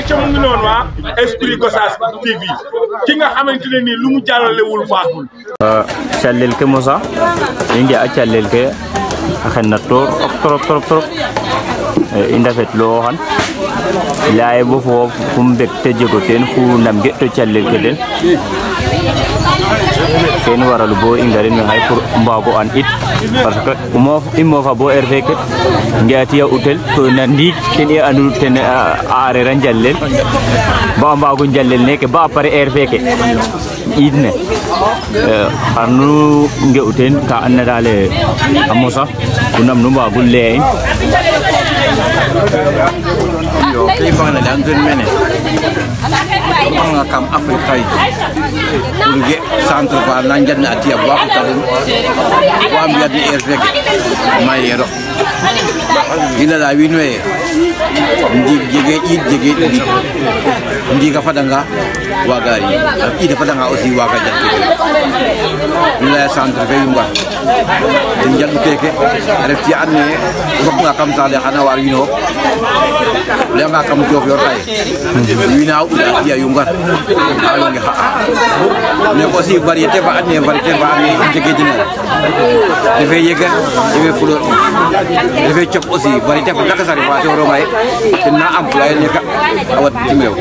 ay ca mu ngi noonu waa ah, esprit Gossas TV ki nga xamante euh, ke mosa i nge'a callel ke a na torop euh, i ndafet loo xan bo foof fo mbeg te jego teen fu nam ge to callel ke den kene waralu bo i ngarin me xaye an it parce que i moofa bo heure fe kat utel to na ndiig ten i andu ten areer a ba mbaago njalel neke ba apare heure feke iid ne xarnu e, ngeu ten ka and na daale a mosa ku nam nu mbaagu leye in yo ke i mbang na daan manga kam afrika yi nge centre fa na njanni wa ko tan wa mbiyatni erfege mayero ila la ndi jege id jege ndi ga fadanga wagari ida fadanga aussi waga jakke la centre fe yumba den jallu keke ref ci anne rok nga kam sa le xana war wino oh. le nga kam jof yor tay wina u da ya yumba ayo ngi ha ne ko si variété ba anne variété ba anne jege may tinna employé ni ka awat timrew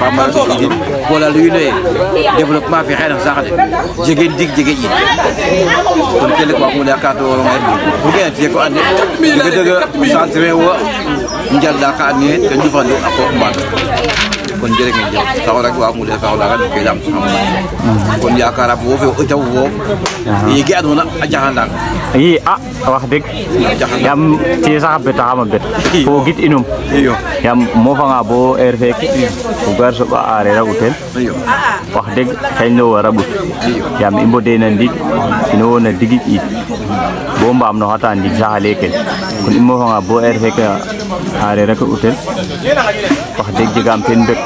ba ma so idin wala lu ne développement fi xéna sax de jigéen dig jigéen yi kon kel ko mu la kaatu wala may bu gën ci ko ande dëgg dëgg centre wo njal da ka te ñu fandu ak ko mbaat kon jere ngeen jox sax rek wa mu de la kan ke jam kon yaakaar ab wo fi o taw wo yi gi aduna a jahandan yi a wax deug yam ci sax be taxama be fo iya. git inum iya. yam mo fa nga bo er fek o gar so ba are ra utel wax deug xel no wara but yam imbo de na ndik ino na digit i bo mbam no hata ndik sax lekel kon immo fa nga bo er fek are ra ko utel wax deug jigam pen bek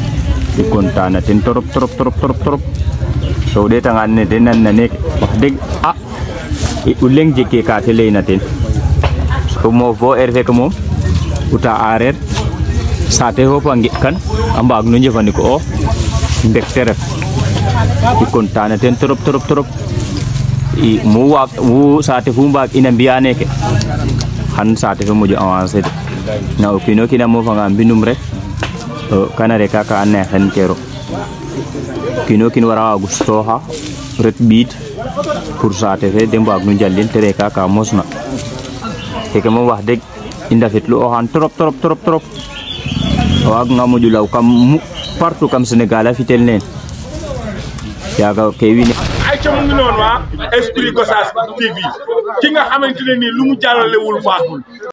ikunta natin turup turup turup turup turup so dito nga natin nananik dig ah iuling jiki katilay natin Kumovo vo erve kumo uta arer sate ho pangi kan ambak nunje fani ko o oh. Iku ikunta natin turup turup turup i muwak wu sate humbag inambiyane ke han sate humo jo awanse na okino kina mo fanga binum rek kana reka ka anna tan kero kino kin wara gusto ha ret bit pour te fe demba ak nu jallin tere ka mosna te mo wax de inda fit lu oh, han trop trop trop trop wag oh, nga mo julaw kam mu partout kam senegal a fitel nen wi ni ay ci mu ngi non wa ah, esprit gossas tv ki nga xamanteni ni lu mu wul baxul